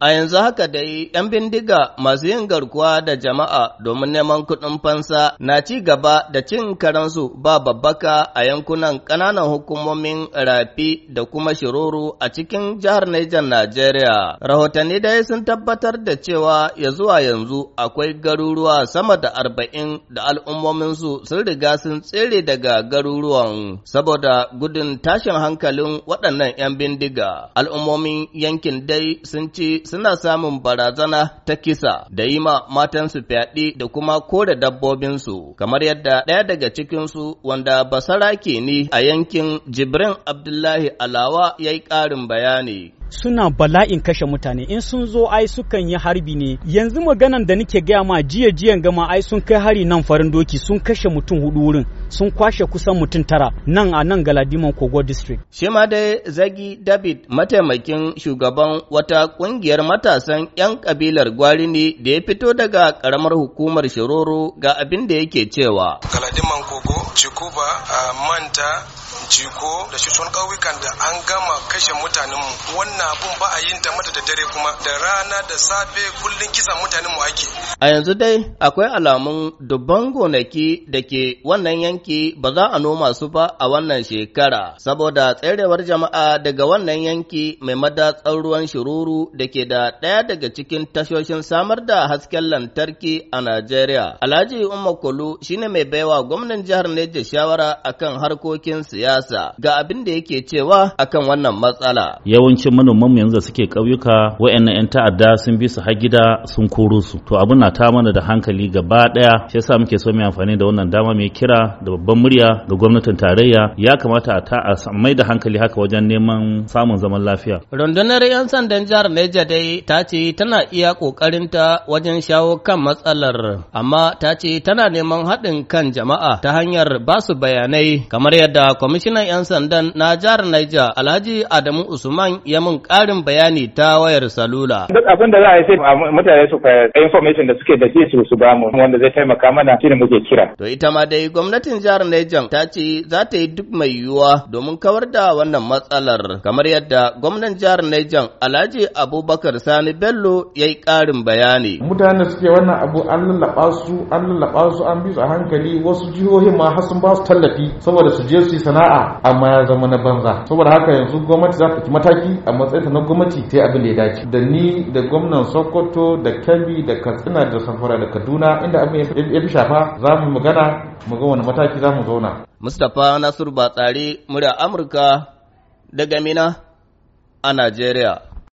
A yanzu haka dai, ‘yan bindiga masu yin garkuwa da jama'a domin neman kuɗin fansa na ci gaba da cin karansu ba babbaka a yankunan ƙananan hukumomin rafi da kuma Shiruru a cikin jihar Nijar Najeriya. Rahotanni dai sun tabbatar da cewa ya zuwa yanzu akwai garuruwa sama da arba'in da al'ummominsu sun riga sun tsere daga garuruwan saboda gudun tashin hankalin waɗannan ‘yan bindiga. Al'ummomin yankin dai sun ci suna samun barazana ta kisa da yi ma matansu fyaɗe da kuma kore dabbobinsu, kamar yadda ɗaya daga cikinsu wanda basara ke ni, a yankin Jibrin Abdullahi Alawa ya yi ƙarin bayani. suna bala'in kashe mutane in sun zo ai sukan yi harbi ne yanzu maganan da nake gaya ma jiya jiyan gama ai sun kai hari nan farin doki sun kashe mutum hudu wurin sun kwashe kusan mutum tara nan a nan galadiman kogo district shi ma dai zagi david mataimakin shugaban wata kungiyar matasan yan kabilar gwari ne da ya fito daga karamar hukumar shiroro ga abin da yake cewa galadiman kogo cikuba manta jiko da shi sun da an gama kashe mutanenmu wannan abun ba a yin ta mata da dare kuma da rana da safe kullun kisan mutanen mu ake. A yanzu dai akwai alamun dubban gonaki da ke wannan yanki ba za a noma su ba a wannan shekara saboda tserewar jama'a daga wannan yanki mai madatsar ruwan shiruru da ke da ɗaya daga cikin tashoshin samar da hasken lantarki a Najeriya. Alhaji Umar Kolu shine mai baiwa gwamnan jihar Neja shawara akan harkokin siyasa ga abin da yake cewa akan wannan matsala. Yawancin manoman yanzu da suke kauyuka wayannan 'yan ta'adda sun bi su har gida sun koro su to abin na ta mana da hankali gaba ɗaya shi yasa muke so mu amfani da wannan dama mai kira da babban murya ga gwamnatin tarayya ya kamata a ta mai da hankali haka wajen neman samun zaman lafiya. Rundunar 'yan sandan jihar Neja dai ta ce tana iya ƙoƙarinta wajen shawo kan matsalar amma ta ce tana neman haɗin kan jama'a ta hanyar ba su bayanai kamar yadda kwamishinan 'yan sandan na jihar Neja Alhaji Adamu Usman ya mun mun ƙarin bayani ta wayar salula. Duk abin da za a yi sai mutane su eh, information da suke da shi su su bamu wanda zai taimaka mana shi ne muke kira. To ita ma dai gwamnatin jihar Niger ta ce za ta yi duk mai yiwuwa domin kawar da wannan matsalar kamar yadda gwamnan jihar Niger Alhaji Abubakar Sani Bello ya yi ƙarin bayani. Mutane suke wannan abu an lallaɓa su an lallaɓa su an bi su a hankali wasu jihohin ma har sun ba su tallafi saboda su je su yi sana'a amma ya zama na banza saboda haka yanzu gwamnati za ta mataki amma Matsayinsa na gwamnati ta yi abin da ya dace da ni da gwamnan sokoto da kebbi da katsina da samfara da kaduna inda abin ya fi shafa za mu magana mu ga wani mataki za mu zauna. mustapha nasiru batsari murya amurka daga mina a najeriya.